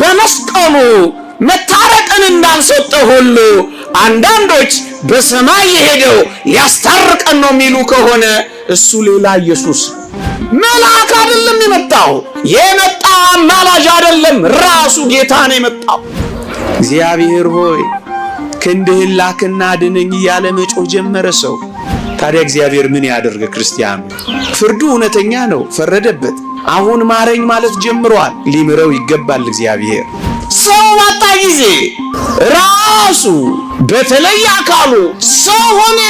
በመስቀሉ መታረቅን እንዳልሰጠ ሁሉ አንዳንዶች በሰማይ የሄደው ሊያስታርቀን ነው የሚሉ ከሆነ እሱ ሌላ ኢየሱስ መልአክ አይደለም የመጣው። የመጣ አማላጅ አይደለም፣ ራሱ ጌታ ነው የመጣው። እግዚአብሔር ሆይ ክንድህን ላክና ድነኝ እያለ መጮህ ጀመረ ሰው ታዲያ እግዚአብሔር ምን ያደርግ? ክርስቲያኑ ፍርዱ እውነተኛ ነው፣ ፈረደበት። አሁን ማረኝ ማለት ጀምሯል። ሊምረው ይገባል እግዚአብሔር። ሰው ባጣ ጊዜ ራሱ በተለይ አካሉ ሰው ሆነ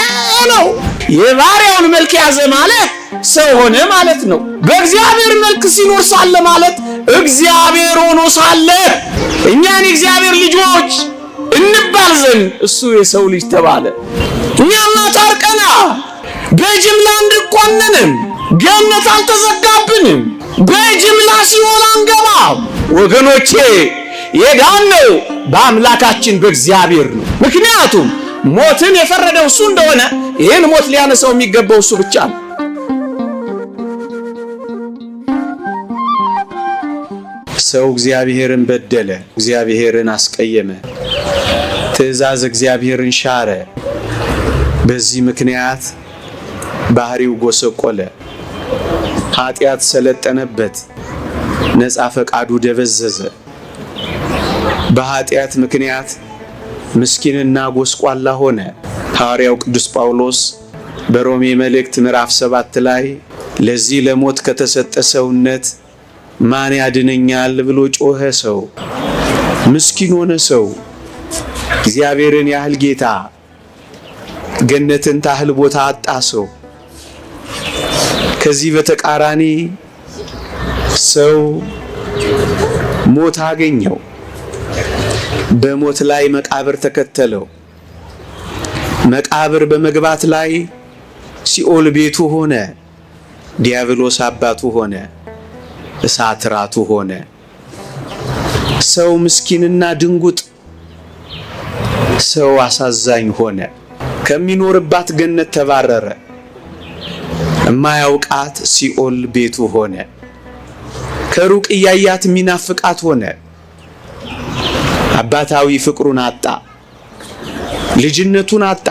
ነው። የባሪያውን መልክ ያዘ ማለት ሰው ሆነ ማለት ነው። በእግዚአብሔር መልክ ሲኖር ሳለ ማለት እግዚአብሔር ሆኖ ሳለ እኛን የእግዚአብሔር ልጆች እንባል ዘንድ እሱ የሰው ልጅ ተባለ። እኛ እናት አርቀና በጅምላ እንድቆነንም ገነት አልተዘጋብንም። በጅምላ ሲኦል አንገባ። ወገኖቼ የዳነው በአምላካችን በእግዚአብሔር ነው። ምክንያቱም ሞትን የፈረደው እሱ እንደሆነ ይህን ሞት ሊያነሳው የሚገባው እሱ ብቻ ነው። ሰው እግዚአብሔርን በደለ፣ እግዚአብሔርን አስቀየመ፣ ትእዛዝ እግዚአብሔርን ሻረ። በዚህ ምክንያት ባህሪው ጎሰቆለ፣ ኃጢአት ሰለጠነበት፣ ነፃ ፈቃዱ ደበዘዘ። በኃጢአት ምክንያት ምስኪንና ጎስቋላ ሆነ። ሐዋርያው ቅዱስ ጳውሎስ በሮሜ መልእክት ምዕራፍ ሰባት ላይ ለዚህ ለሞት ከተሰጠ ሰውነት ማን ያድነኛል ብሎ ጮኸ። ሰው ምስኪን ሆነ። ሰው እግዚአብሔርን ያህል ጌታ ገነትን ታህል ቦታ አጣ ሰው። ከዚህ በተቃራኒ ሰው ሞት አገኘው። በሞት ላይ መቃብር ተከተለው። መቃብር በመግባት ላይ ሲኦል ቤቱ ሆነ፣ ዲያብሎስ አባቱ ሆነ፣ እሳት ራቱ ሆነ። ሰው ምስኪንና ድንጉጥ፣ ሰው አሳዛኝ ሆነ። ከሚኖርባት ገነት ተባረረ። እማያውቃት ሲኦል ቤቱ ሆነ። ከሩቅ እያያት የሚናፍቃት ሆነ። አባታዊ ፍቅሩን አጣ። ልጅነቱን አጣ።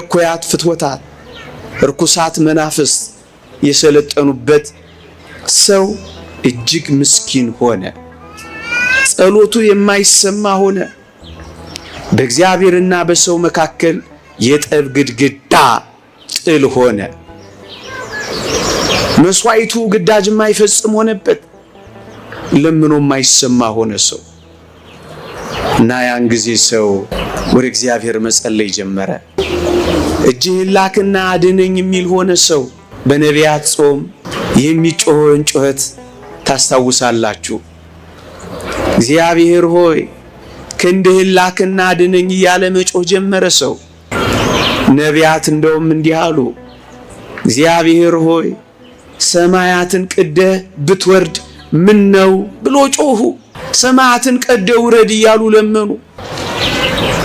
እኩያት ፍትወታት፣ እርኩሳት መናፍስ የሰለጠኑበት ሰው እጅግ ምስኪን ሆነ። ጸሎቱ የማይሰማ ሆነ። በእግዚአብሔርና በሰው መካከል የጠብ ግድግዳ ጥል ሆነ። መስዋዕቱ ግዳጅ የማይፈጽም ሆነበት፣ ለምኖ የማይሰማ ሆነ ሰው እና ያን ጊዜ ሰው ወደ እግዚአብሔር መጸለይ ጀመረ። እጅህን ላክና አድነኝ የሚል ሆነ ሰው። በነቢያት ጾም የሚጮኸውን ጩኸት ታስታውሳላችሁ። እግዚአብሔር ሆይ ክንድህን ላክና አድነኝ እያለ መጮህ ጀመረ ሰው። ነቢያት እንደውም እንዲህ አሉ፣ እግዚአብሔር ሆይ ሰማያትን ቅደህ ብትወርድ ምን ነው ብሎ ጮሁ። ሰማያትን ቀደህ ውረድ እያሉ ለመኑ።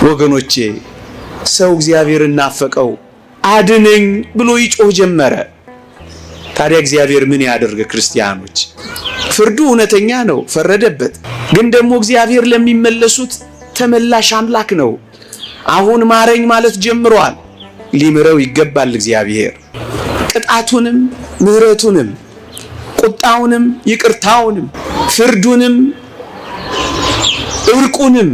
ወገኖቼ ሰው እግዚአብሔር እናፈቀው አድነኝ ብሎ ይጮህ ጀመረ። ታዲያ እግዚአብሔር ምን ያደርግ? ክርስቲያኖች ፍርዱ እውነተኛ ነው፣ ፈረደበት። ግን ደግሞ እግዚአብሔር ለሚመለሱት ተመላሽ አምላክ ነው። አሁን ማረኝ ማለት ጀምሯል። ሊምረው ይገባል እግዚአብሔር ቅጣቱንም ምሕረቱንም ቁጣውንም ይቅርታውንም ፍርዱንም እርቁንም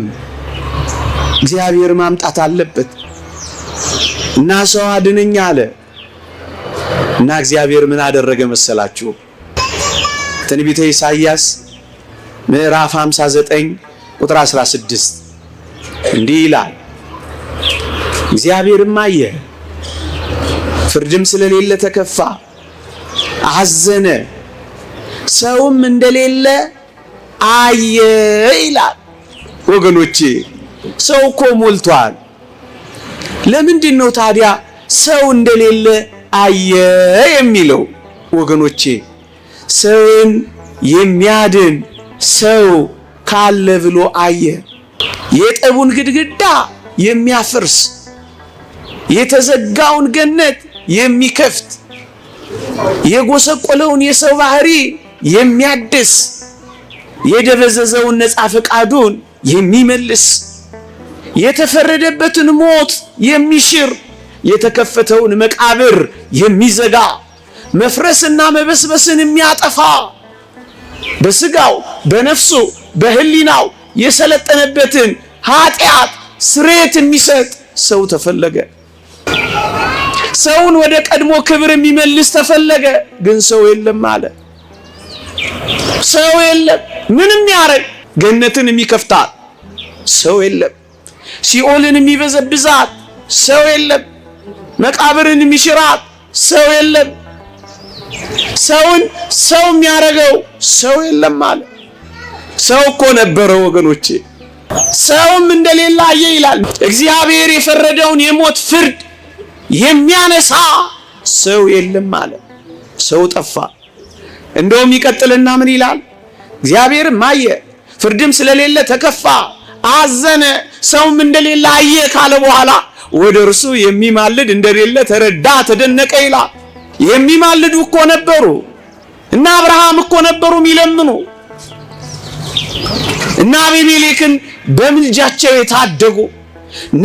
እግዚአብሔር ማምጣት አለበት እና ሰው አድነኝ አለ። እና እግዚአብሔር ምን አደረገ መሰላችሁ? ትንቢተ ኢሳይያስ ምዕራፍ 59 ቁጥር 16 እንዲህ ይላል፣ እግዚአብሔርም አየ፣ ፍርድም ስለሌለ ተከፋ፣ አዘነ፣ ሰውም እንደሌለ አየ ይላል። ወገኖቼ ሰው እኮ ሞልቷል። ለምንድን ነው ታዲያ ሰው እንደሌለ አየ የሚለው ወገኖቼ ሰውን የሚያድን ሰው ካለ ብሎ አየ። የጠቡን ግድግዳ የሚያፈርስ የተዘጋውን ገነት የሚከፍት የጎሰቆለውን የሰው ባህሪ የሚያድስ የደበዘዘውን ነፃ ፈቃዱን የሚመልስ የተፈረደበትን ሞት የሚሽር የተከፈተውን መቃብር የሚዘጋ መፍረስና መበስበስን የሚያጠፋ በስጋው በነፍሱ በህሊናው የሰለጠነበትን ኃጢአት ስሬት የሚሰጥ ሰው ተፈለገ። ሰውን ወደ ቀድሞ ክብር የሚመልስ ተፈለገ። ግን ሰው የለም አለ። ሰው የለም። ምንም ያረግ ገነትን የሚከፍታት ሰው የለም። ሲኦልን የሚበዘብዛት ሰው የለም። መቃብርን የሚሽራት ሰው የለም። ሰውን ሰው የሚያደርገው ሰው የለም አለ። ሰው እኮ ነበረ ወገኖቼ፣ ሰውም እንደሌለ አየ ይላል። እግዚአብሔር የፈረደውን የሞት ፍርድ የሚያነሳ ሰው የለም አለ። ሰው ጠፋ። እንደውም ይቀጥልና ምን ይላል? እግዚአብሔርም አየ፣ ፍርድም ስለሌለ ተከፋ፣ አዘነ፣ ሰውም እንደሌለ አየ ካለ በኋላ ወደ እርሱ የሚማልድ እንደሌለ ተረዳ፣ ተደነቀ ይላል። የሚማልዱ እኮ ነበሩ እና አብርሃም እኮ ነበሩ የሚለምኑ እና አቤሜሌክን በምልጃቸው የታደጉ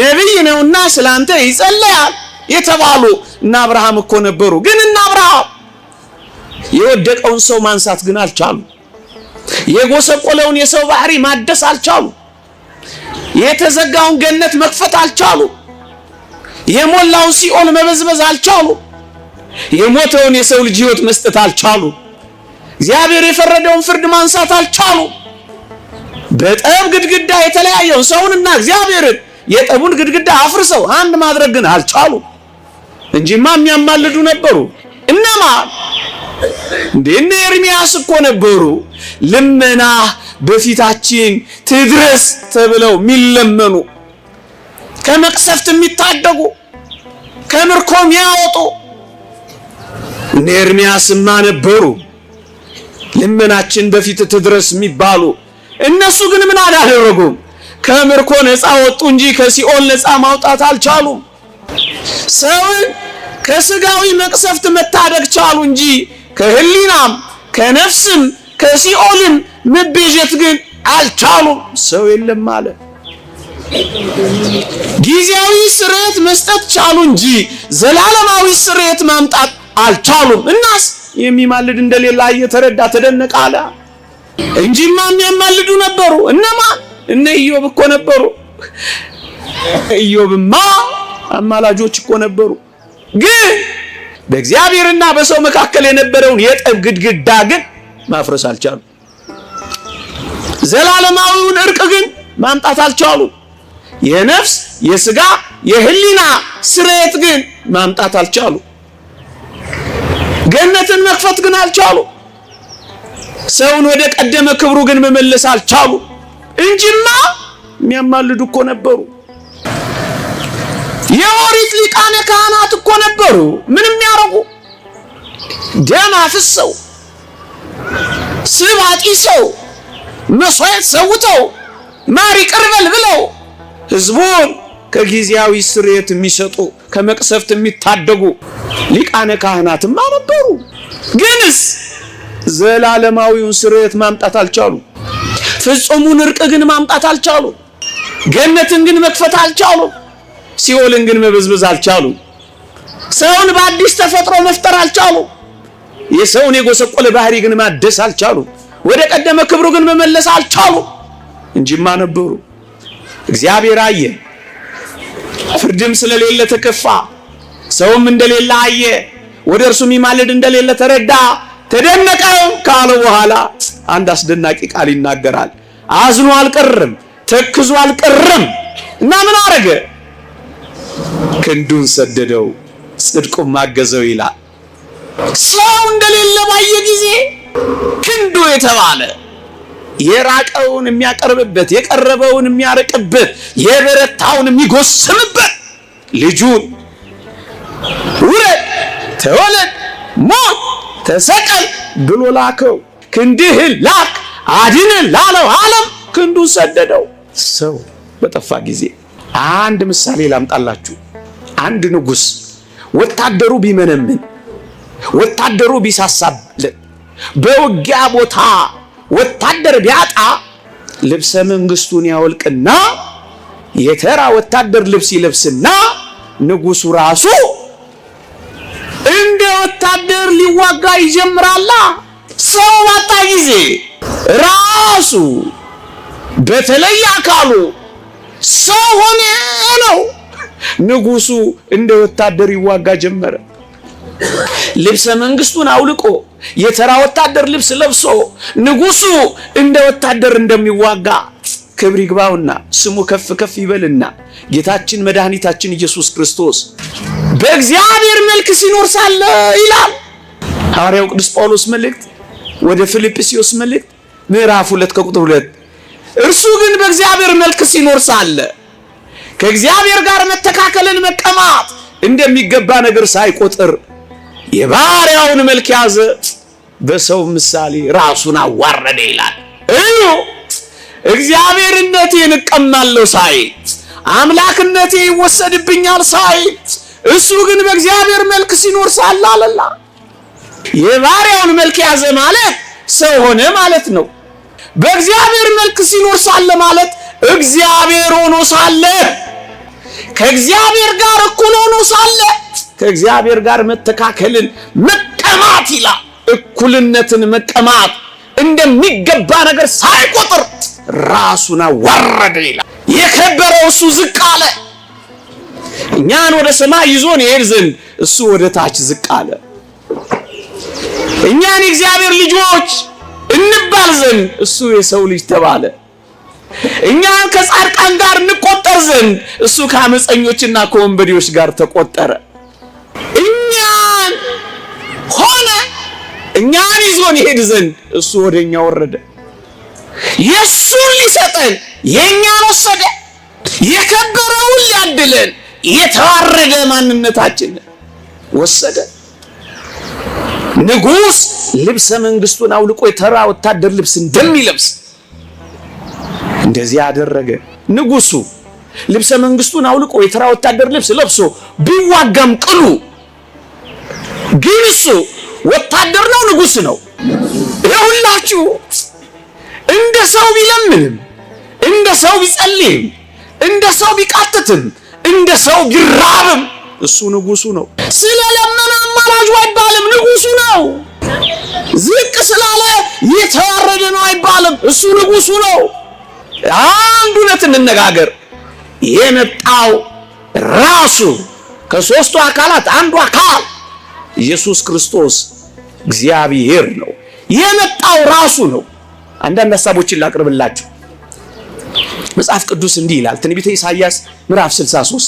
ነቢይ ነውና ስላንተ ይጸለያል የተባሉ እና አብርሃም እኮ ነበሩ። ግን እና አብርሃም የወደቀውን ሰው ማንሳት ግን አልቻሉ። የጎሰቆለውን የሰው ባህሪ ማደስ አልቻሉ። የተዘጋውን ገነት መክፈት አልቻሉ። የሞላውን ሲኦል መበዝበዝ አልቻሉ። የሞተውን የሰው ልጅ ህይወት መስጠት አልቻሉ። እግዚአብሔር የፈረደውን ፍርድ ማንሳት አልቻሉ። በጠብ ግድግዳ የተለያየውን ሰውንና እግዚአብሔርን የጠቡን ግድግዳ አፍርሰው አንድ ማድረግ ግን አልቻሉ እንጂማ የሚያማልዱ ነበሩ። እነማ እንደ ኤርሚያስ እኮ ነበሩ። ልመና በፊታችን ትድረስ ተብለው የሚለመኑ ከመቅሰፍት የሚታደጉ ከምርኮ የሚያወጡ እነ ኤርምያስማ ነበሩ። ልመናችን በፊት ትድረስ የሚባሉ እነሱ ግን ምን አላደረጉም? ከምርኮ ነፃ ወጡ እንጂ ከሲኦል ነፃ ማውጣት አልቻሉም። ሰውን ከስጋዊ መቅሰፍት መታደግ ቻሉ እንጂ ከህሊናም ከነፍስም ከሲኦልም መቤዠት ግን አልቻሉም። ሰው የለም ማለት። ጊዜያዊ ስርየት መስጠት ቻሉ እንጂ ዘላለማዊ ስርየት ማምጣት አልቻሉም። እናስ የሚማልድ እንደሌላ እየተረዳ ተደነቀ አለ። እንጂማ የሚያማልዱ ነበሩ። እነማን? እነ ኢዮብ እኮ ነበሩ። ኢዮብማ አማላጆች እኮ ነበሩ። ግን በእግዚአብሔርና በሰው መካከል የነበረውን የጠብ ግድግዳ ግን ማፍረስ አልቻሉም። ዘላለማዊውን እርቅ ግን ማምጣት አልቻሉም። የነፍስ የስጋ የህሊና ስርየት ግን ማምጣት አልቻሉ። ገነትን መክፈት ግን አልቻሉ። ሰውን ወደ ቀደመ ክብሩ ግን መመለስ አልቻሉ። እንጂማ የሚያማልዱ እኮ ነበሩ። የኦሪት ሊቃነ ካህናት እኮ ነበሩ። ምን የሚያረጉ ደም አፍሰው ስብ አጢሰው መስዋዕት ሰውተው ማሪ ቅርበል ብለው ህዝቡን ከጊዜያዊ ስርየት የሚሰጡ ከመቅሰፍት የሚታደጉ ሊቃነ ካህናትማ ነበሩ። ግንስ ዘላለማዊውን ስርየት ማምጣት አልቻሉ። ፍጹሙን እርቅ ግን ማምጣት አልቻሉ። ገነትን ግን መክፈት አልቻሉ። ሲኦልን ግን መበዝበዝ አልቻሉ። ሰውን በአዲስ ተፈጥሮ መፍጠር አልቻሉ። የሰውን የጎሰቆለ ባህሪ ግን ማደስ አልቻሉ። ወደ ቀደመ ክብሩ ግን መመለስ አልቻሉ እንጂማ ነበሩ። እግዚአብሔር አየ፣ ፍርድም ስለሌለ ተከፋ፣ ሰውም እንደሌለ አየ፣ ወደ እርሱ የሚማልድ እንደሌለ ተረዳ፣ ተደነቀም ካለ በኋላ አንድ አስደናቂ ቃል ይናገራል። አዝኖ አልቀርም፣ ተክዞ አልቀርም እና ምን አረገ? ክንዱን ሰደደው፣ ጽድቁም ማገዘው ይላል። ሰው እንደሌለ ባየ ጊዜ ክንዱ የተባለ የራቀውን የሚያቀርብበት፣ የቀረበውን የሚያርቅበት፣ የበረታውን የሚጎስምበት ልጁን ውረድ፣ ተወለድ፣ ሞት፣ ተሰቀል ብሎ ላከው። ክንድህን ላክ አድነን ላለው ዓለም ክንዱን ሰደደው። ሰው በጠፋ ጊዜ አንድ ምሳሌ ላምጣላችሁ። አንድ ንጉሥ ወታደሩ ቢመነምን ወታደሩ ቢሳሳለት በውጊያ ቦታ ወታደር ቢያጣ ልብሰ መንግስቱን ያወልቅና የተራ ወታደር ልብስ ይለብስና ንጉሱ ራሱ እንደ ወታደር ሊዋጋ ይጀምራላ። ሰው ባጣ ጊዜ ራሱ በተለይ አካሉ ሰው ሆነ ነው። ንጉሱ እንደ ወታደር ይዋጋ ጀመረ። ልብሰ መንግስቱን አውልቆ የተራ ወታደር ልብስ ለብሶ ንጉሱ እንደ ወታደር እንደሚዋጋ ክብር ይግባውና ስሙ ከፍ ከፍ ይበልና ጌታችን መድኃኒታችን ኢየሱስ ክርስቶስ በእግዚአብሔር መልክ ሲኖር ሳለ ይላል ሐዋርያው ቅዱስ ጳውሎስ መልእክት ወደ ፊልጵስዩስ መልእክት ምዕራፍ ሁለት ከቁጥር ሁለት እርሱ ግን በእግዚአብሔር መልክ ሲኖር ሳለ ከእግዚአብሔር ጋር መተካከልን መቀማት እንደሚገባ ነገር ሳይቆጥር የባሪያውን መልክ ያዘ፣ በሰው ምሳሌ ራሱን አዋረደ ይላል። እዩ እግዚአብሔርነቴን እቀማለሁ ሳይት አምላክነቴ ይወሰድብኛል ሳይት እሱ ግን በእግዚአብሔር መልክ ሲኖር ሳለ አለላ የባሪያውን መልክ ያዘ ማለት ሰው ሆነ ማለት ነው። በእግዚአብሔር መልክ ሲኖር ሳለ ማለት እግዚአብሔር ሆኖ ሳለ ከእግዚአብሔር ጋር እኩል ሆኖ ሳለ ከእግዚአብሔር ጋር መተካከልን መቀማት ይላል። እኩልነትን መቀማት እንደሚገባ ነገር ሳይቆጥር ራሱን አዋረደ ይላል። የከበረው እሱ ዝቅ አለ። እኛን ወደ ሰማይ ይዞን ይሄድ ዘንድ እሱ ወደ ታች ዝቅ አለ። እኛን የእግዚአብሔር ልጆች እንባል ዘንድ እሱ የሰው ልጅ ተባለ። እኛን ከጻድቃን ጋር እንቆጠር ዘንድ እሱ ከአመፀኞችና ከወንበዴዎች ጋር ተቆጠረ። እኛን ይዞን ይሄድ ዘንድ እሱ ወደ እኛ ወረደ። የእሱን ሊሰጠን የእኛን ወሰደ። የከበረውን ሊያድለን የተዋረደ ማንነታችንን ወሰደ። ንጉሥ ልብሰ መንግስቱን አውልቆ የተራ ወታደር ልብስ እንደሚለብስ እንደዚህ ያደረገ ንጉሱ ልብሰ መንግስቱን አውልቆ የተራ ወታደር ልብስ ለብሶ ቢዋጋም ቅሉ ግን እሱ ወታደር ነው፣ ንጉስ ነው። ይሁላችሁ እንደ ሰው ቢለምንም እንደ ሰው ቢጸልይም እንደ ሰው ቢቃትትም እንደ ሰው ቢራብም እሱ ንጉሱ ነው። ስለለመነ አማራጅ አይባልም፣ ንጉሱ ነው። ዝቅ ስላለ የተዋረደ ነው አይባልም፣ እሱ ንጉሱ ነው። አንድ እውነት እንነጋገር፣ የመጣው ራሱ ከሶስቱ አካላት አንዱ አካል ኢየሱስ ክርስቶስ እግዚአብሔር ነው የመጣው ራሱ ነው። አንዳንድ ሀሳቦችን ላቅርብላችሁ። መጽሐፍ ቅዱስ እንዲህ ይላል፣ ትንቢተ ኢሳይያስ ምዕራፍ 63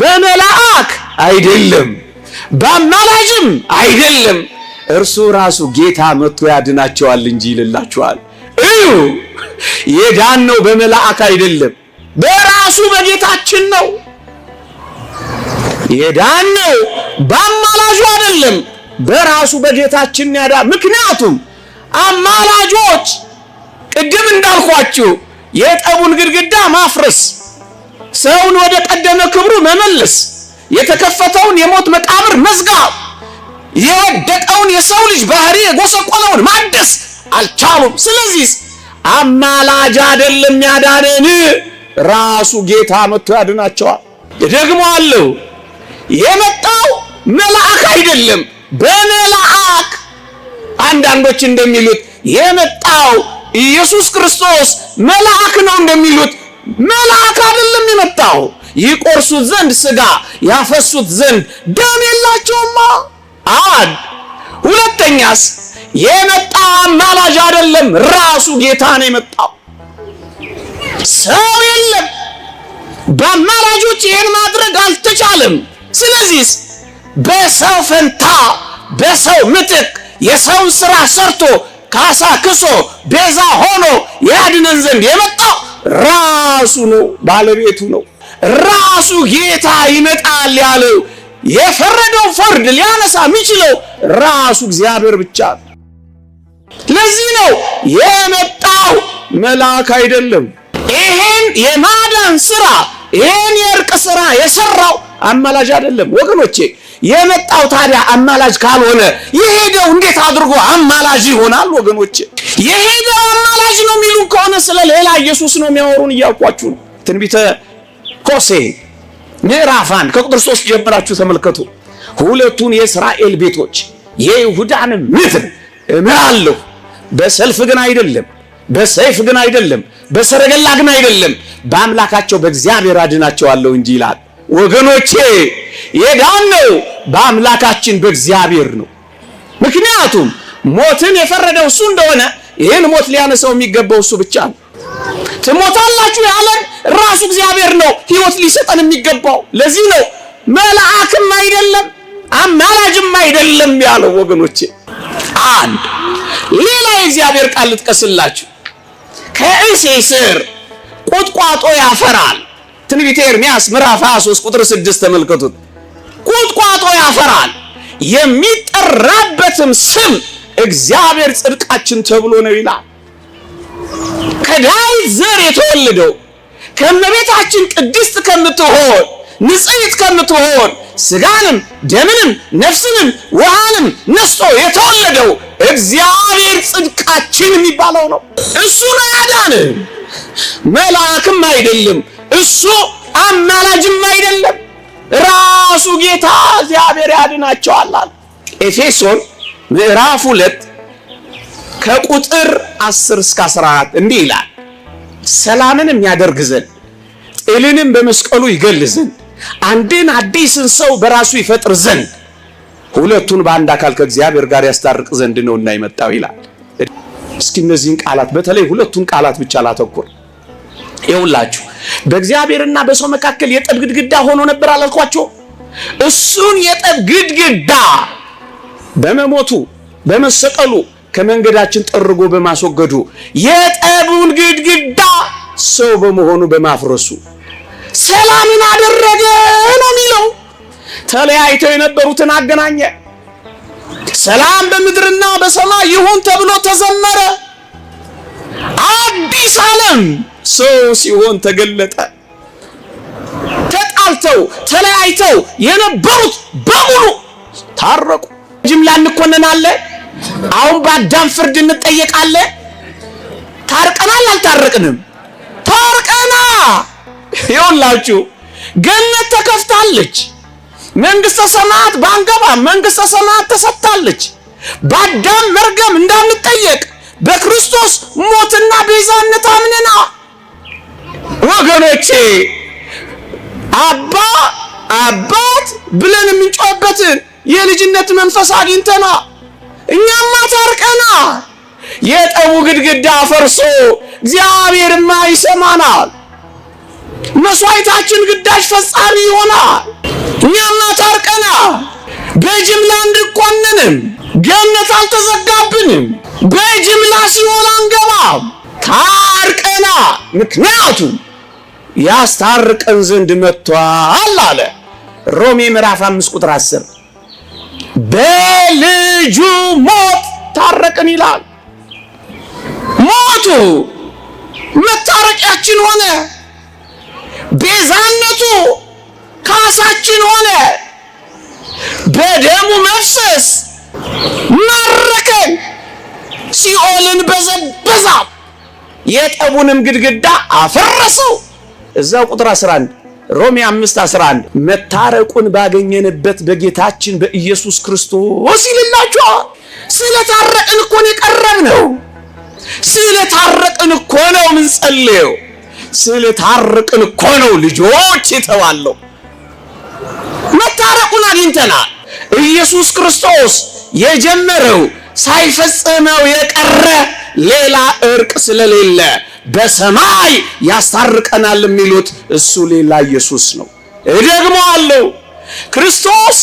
በመላእክ አይደለም በአማላጅም አይደለም እርሱ ራሱ ጌታ መጥቶ ያድናቸዋል እንጂ ይልላቸዋል። እዩ የዳን ነው በመላእክ አይደለም፣ በራሱ በጌታችን ነው የዳን ነው በአማላጁ አይደለም በራሱ በጌታችን ያዳ። ምክንያቱም አማላጆች ቅድም እንዳልኳችሁ የጠቡን ግድግዳ ማፍረስ፣ ሰውን ወደ ቀደመ ክብሩ መመለስ፣ የተከፈተውን የሞት መቃብር መዝጋ የወደቀውን የሰው ልጅ ባህሪ የጎሰቆለውን ማደስ አልቻሉም። ስለዚህ አማላጅ አይደለም ያዳነን፣ ራሱ ጌታ መጥቶ ያድናቸዋል። ደግሞ አለው የመጣው መልአክ አይደለም በመልአክ አንዳንዶች እንደሚሉት የመጣው ኢየሱስ ክርስቶስ መልአክ ነው እንደሚሉት መልአክ አይደለም የመጣው። ይቆርሱት ዘንድ ስጋ ያፈሱት ዘንድ ደም የላቸውማ። አድ ሁለተኛስ የመጣ አማላጅ አይደለም፣ ራሱ ጌታ ነው የመጣው። ሰው የለም፣ በአማላጆች ይሄን ማድረግ አልተቻለም። ስለዚህ በሰው ፈንታ በሰው ምትክ የሰውን ስራ ሰርቶ ካሳ ክሶ ቤዛ ሆኖ ያድነን ዘንድ የመጣው ራሱ ነው፣ ባለቤቱ ነው። ራሱ ጌታ ይመጣል ያለው የፈረደው ፍርድ ሊያነሳ የሚችለው ራሱ እግዚአብሔር ብቻ ነው። ለዚህ ነው የመጣው መልአክ አይደለም። ይሄን የማዳን ስራ ይሄን የእርቅ ስራ የሰራው አማላጅ አይደለም ወገኖቼ የመጣው ታዲያ አማላጅ ካልሆነ የሄደው እንዴት አድርጎ አማላጅ ይሆናል? ወገኖች የሄደው አማላጅ ነው የሚሉን ከሆነ ስለ ሌላ ኢየሱስ ነው የሚያወሩን እያውቋችሁ ነው። ትንቢተ ኮሴ ምዕራፍ አንድ ከቁጥር ሶስት ጀምራችሁ ተመልከቱ። ሁለቱን የእስራኤል ቤቶች የይሁዳን ምድር እምራለሁ፣ በሰልፍ ግን አይደለም፣ በሰይፍ ግን አይደለም፣ በሰረገላ ግን አይደለም፣ በአምላካቸው በእግዚአብሔር አድናቸዋለሁ እንጂ ይላል። ወገኖቼ ነው በአምላካችን በእግዚአብሔር ነው። ምክንያቱም ሞትን የፈረደው እሱ እንደሆነ ይህን ሞት ሊያነሳው የሚገባው እሱ ብቻ ነው። ትሞታላችሁ ያለን ራሱ እግዚአብሔር ነው ህይወት ሊሰጠን የሚገባው። ለዚህ ነው መልአክም አይደለም አማላጅም አይደለም ያለው። ወገኖቼ አንድ ሌላ የእግዚአብሔር ቃል ልጥቀስላችሁ። ከእሴ ስር ቁጥቋጦ ያፈራል። ትንቢተ ኤርምያስ ምዕራፍ 23 ቁጥር 6 ተመልከቱት። ቁጥቋጦ ያፈራል። የሚጠራበትም ስም እግዚአብሔር ጽድቃችን ተብሎ ነው ይላል። ከዳዊት ዘር የተወለደው ከእመቤታችን ቅድስት ከምትሆን ንጽሕት ከምትሆን ስጋንም ደምንም ነፍስንም ውሃንም ነስቶ የተወለደው እግዚአብሔር ጽድቃችን የሚባለው ነው። እሱ ነው ያዳንን፣ መልአክም አይደለም። እሱ አማላጅም አይደለም። ራሱ ጌታ እግዚአብሔር ያድናቸዋል አለ። ኤፌሶን ምዕራፍ ሁለት ከቁጥር 10 እስከ 14 እንዲህ ይላል። ሰላምን የሚያደርግ ዘንድ ጥልንም በመስቀሉ ይገል ዘንድ አንድን አዲስን ሰው በራሱ ይፈጥር ዘንድ ሁለቱን በአንድ አካል ከእግዚአብሔር ጋር ያስታርቅ ዘንድ ነው እና ይመጣው ይላል። እስኪ እነዚህን ቃላት በተለይ ሁለቱን ቃላት ብቻ ላተኩር። ይውላችሁ በእግዚአብሔርና በሰው መካከል የጠብ ግድግዳ ሆኖ ነበር አላልኳቸው? እሱን የጠብ ግድግዳ በመሞቱ በመሰቀሉ ከመንገዳችን ጠርጎ በማስወገዱ የጠቡን ግድግዳ ሰው በመሆኑ በማፍረሱ ሰላምን አደረገ ነው የሚለው። ተለያይተው የነበሩትን አገናኘ። ሰላም በምድርና በሰማይ ይሁን ተብሎ ተዘመረ። አዲስ ዓለም ሰው ሲሆን ተገለጠ። ተጣልተው ተለያይተው የነበሩት በሙሉ ታረቁ። ጅምላ እንኮነናለን። አሁን በአዳም ፍርድ እንጠየቃለን። ታርቀናል? አልታረቅንም? ታርቀና ይኸውላችሁ ገነት ተከፍታለች። መንግስተ ሰማያት ባንገባ መንግስተ ሰማያት ተሰጥታለች። በአዳም መርገም እንዳንጠየቅ በክርስቶስ ሞትና ቤዛነት አምነናል። ወገኖቼ አባ አባት ብለን የምንጮህበትን የልጅነት መንፈስ አግኝተና እኛማ ታርቀና የጠቡ ግድግዳ ፈርሶ እግዚአብሔርማ ይሰማናል። መስዋዕታችን ግዳጅ ፈጻሚ ይሆናል። እኛማ ታርቀና በጅምላ እንድቆንንም ገነት አልተዘጋብንም። በጅምላ ሲሆን አንገባም። ታርቀና ምክንያቱም ያስታርቀን ዘንድ መጥቷል አለ። ሮሜ ምዕራፍ 5 ቁጥር 10 በልጁ ሞት ታረቅን ይላል። ሞቱ መታረቂያችን ሆነ። ቤዛነቱ ካሳችን ሆነ። በደሙ መፍሰስ ማረከን። ሲኦልን በዘበዛ የጠቡንም ግድግዳ አፈረሰው። እዛው ቁጥር 11 ሮሜ 5 11 መታረቁን ባገኘንበት በጌታችን በኢየሱስ ክርስቶስ ይልላችኋል። ስለታረቅን እኮ ነው የቀረብነው። ስለታረቅን እኮ ነው የምንጸልየው። ስለታረቅን እኮ ነው ልጆች የተባለው። መታረቁን አግኝተናል። ኢየሱስ ክርስቶስ የጀመረው ሳይፈጽመው የቀረ ሌላ እርቅ ስለሌለ በሰማይ ያስታርቀናል የሚሉት እሱ ሌላ ኢየሱስ ነው። ደግሞ አለው ክርስቶስ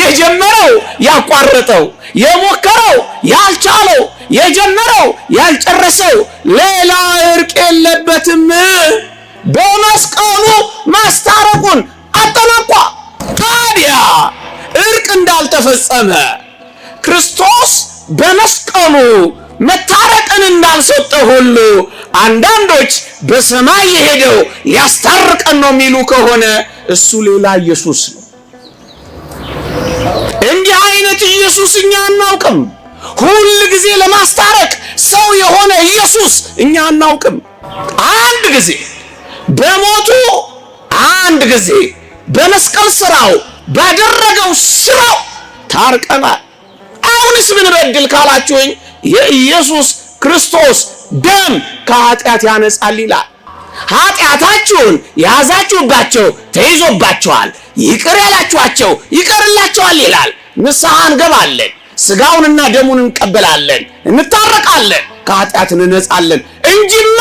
የጀመረው ያቋረጠው፣ የሞከረው ያልቻለው፣ የጀመረው ያልጨረሰው ሌላ እርቅ የለበትም። በመስቀሉ ማስታረቁን አጠናቋ። ታዲያ እርቅ እንዳልተፈጸመ ክርስቶስ በመስቀሉ መታረቅን እንዳልሰጠ ሁሉ አንዳንዶች በሰማይ የሄደው ሊያስታርቀን ነው የሚሉ ከሆነ እሱ ሌላ ኢየሱስ ነው። እንዲህ አይነት ኢየሱስ እኛ አናውቅም። ሁል ጊዜ ለማስታረቅ ሰው የሆነ ኢየሱስ እኛ አናውቅም። አንድ ጊዜ በሞቱ አንድ ጊዜ በመስቀል ስራው ባደረገው ስራው ታርቀናል። አሁንስ ብንበድል በድል ካላችሁኝ የኢየሱስ ክርስቶስ ደም ከኃጢአት ያነጻል ይላል። ኃጢአታችሁን የያዛችሁባቸው ተይዞባቸዋል ይቅር ያላችኋቸው ይቀርላቸዋል ይላል። ንስሐ እንገባለን፣ ስጋውንና ደሙን እንቀበላለን፣ እንታረቃለን፣ ከኃጢአት እንነጻለን እንጂማ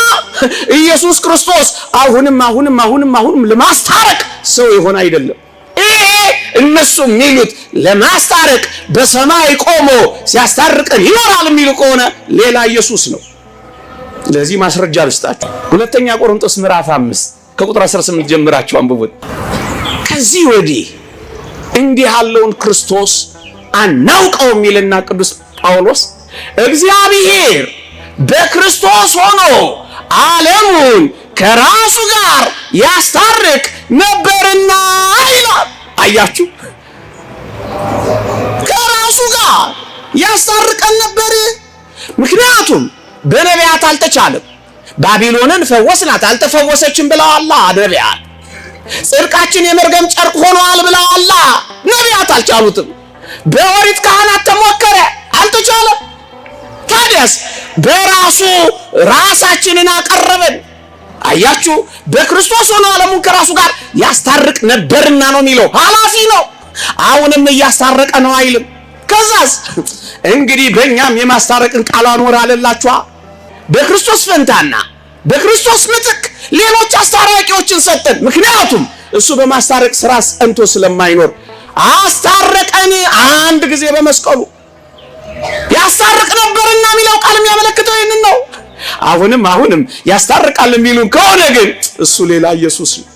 ኢየሱስ ክርስቶስ አሁንም አሁንም አሁንም አሁንም ለማስታረቅ ሰው የሆነ አይደለም። ይሄ እነሱ የሚሉት ለማስታረቅ በሰማይ ቆሞ ሲያስታርቀን ይኖራል የሚሉ ከሆነ ሌላ ኢየሱስ ነው። ለዚህ ማስረጃ ልስጣችሁ። ሁለተኛ ቆሮንቶስ ምዕራፍ አምስት ከቁጥር 18 ጀምራችሁ አንብቡት። ከዚህ ወዲህ እንዲህ ያለውን ክርስቶስ አናውቀው የሚልና ቅዱስ ጳውሎስ እግዚአብሔር በክርስቶስ ሆኖ ዓለሙን ከራሱ ጋር ያስታርቅ ነበርና ይላል። አያችሁ፣ ከራሱ ጋር ያስታርቀን ነበር። ምክንያቱም በነቢያት አልተቻለም። ባቢሎንን ፈወስናት አልተፈወሰችም ብለዋላ ነቢያት። ጽድቃችን የመርገም ጨርቅ ሆኗል ብለዋላ ነቢያት። አልቻሉትም። በኦሪት ካህናት ተሞከረ፣ አልተቻለም። ታዲያስ በራሱ ራሳችንን አቀረበን። አያችሁ፣ በክርስቶስ ሆኖ ዓለሙን ከራሱ ጋር ያስታርቅ ነበርና ነው የሚለው። ኃላፊ ነው፣ አሁንም እያስታረቀ ነው አይልም። ከዛስ እንግዲህ በእኛም የማስታረቅን ቃል አኖር በክርስቶስ ፈንታና በክርስቶስ ምትክ ሌሎች አስታራቂዎችን ሰጠን። ምክንያቱም እሱ በማስታረቅ ስራ ጸንቶ ስለማይኖር አስታረቀን አንድ ጊዜ በመስቀሉ ያስታርቅ ነበርና የሚለው ቃል የሚያመለክተው ይህንን ነው። አሁንም አሁንም ያስታርቃል የሚሉን ከሆነ ግን እሱ ሌላ ኢየሱስ ነው።